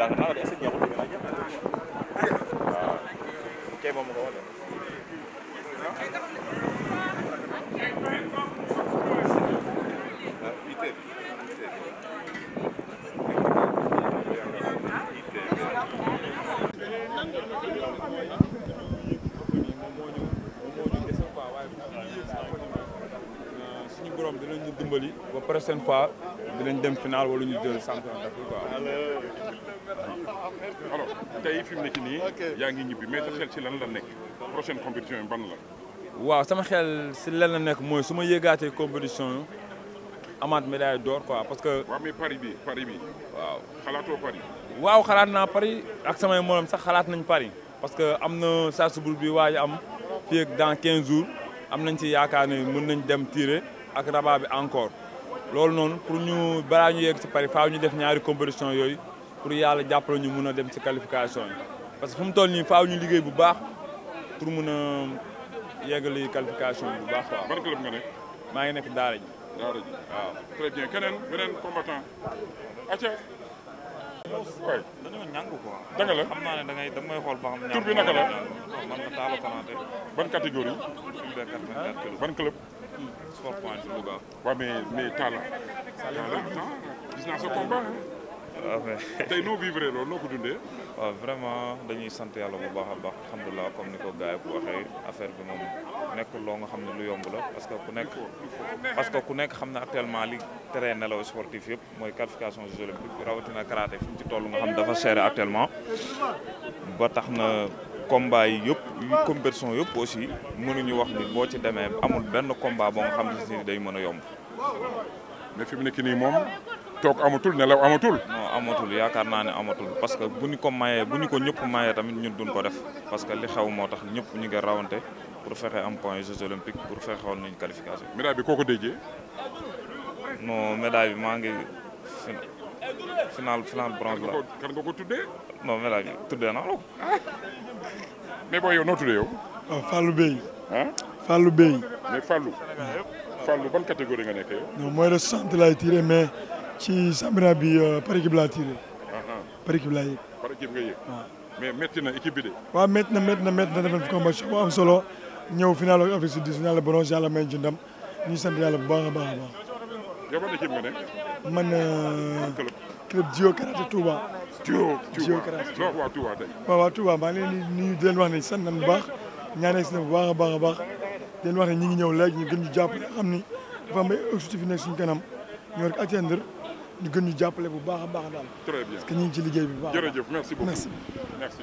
Kurang kenal ada sejak udah ñu Cek mau mau suñu borom dinañu dimbali ba prochaine fois dinañ dem final wala ñu jël champion d'Afrique quoi. alors fi mu nekk nii. yaa ngi ñibbi mais sa xel la nekk prochaine compétition waaw sama xel si la nekk mooy su ma yëgaatee compétition amaat médaille d'or quoi parce que. waaw mais bi Paris waaw xalaat naa Paris ak samay morom sax xalaat nañ Paris. parce que am na Salzbourg bi waaj am fii dans 15 jours am nañ si yaakaar ne mën nañ dem tirer ak Rabat encore. loolu noonu pour ñu balaa ñu yegg si Paris faaw ñu def ñaari compétition yooyu pour yàlla jàppale ñu mun a dem si qualification yi parce que fu mu toll nii faaw ñu liggéey bu baax pour mun a yeggali qualification yi bu baax waaw. ban club nga nekk. maa ngi nekk Daara ji. Daara ji waaw. très keneen beneen combattant. acca. waay dañoo ñàng quoi. danga la xam naa ne da ngay xam. ñàng tur bi naka la. man ma Talla Konaté. ban catégorie. ban club. sport point de Louga. waaw mais mais Talla. Talla sa combat. waaw ah, mais tey ko dundee. waaw ah, vraiment dañuy sant yàlla bu baax a baax alhamdulilah comme ni ko gars yi ko waxee affaire bi moom nekkul loo nga xam ne lu yomb la parce que ku nekk. parce que ku nekk xam ne actuellement li tere nelaw sportif yëpp mooy qualification jeux olympiques rawatina karaté fi mu ci toll nga xam dafa cher actuellement ba tax na. combat yi yëpp compétition yëpp aussi mënuñu wax ni boo ci demee amul benn combat boo nga xam ne si day mën a yomb. mais fi mu nekk nii moom toog amatul nelaw amatul. non amatul yaakaar naa ne amatul parce que bu ñu ko mayee bu ñu ko ñëpp mayee tamit ñun duñ ko def parce que li xew moo tax ñëpp ñu ngi rawante pour fexe am point Jeux olympiques pour fexe woon nañu qualification. médaille bi koo ko déjee. non médaille bi maa ngi final final bronze la kan nga ko tuddee. non médaille bi tuddee naa la ko. mais booy yow noo tuddee yow. Ah, Bey. ah Bey. mais Fallou. Fallou nga nekk yow. non mooy le 60 laay tiré mais ci Sambina bi euh, par équipe laa tiré. Uh-huh. par équipe laa yëg. par équipe nga yëg. waaw mais métti na équipe bi de. waaw métti na métti na métti na defoon fi am solo ñëw final ak Afrique du a baax a baax. yow ban équipe nga ne. man. Euh, club club Jio Karaté Touba. Jio Jio Karaté Touba waaw Touba tey. waaw waaw Touba maa ngi leen di nuyu di leen wax ne sant nañu bu baax ñaanal si na bu baax baax a baax di wax ne ñu ngi ñëw léegi ñu gën ñu jàppale xam ni dafa am ay objectif yu nekk suñu kanam ñu war ñu gën ñu jàppale bu baax a baax daal. très bien parce ci liggéey bi bu baax. jërëjëf merci beaucoup merci. merci.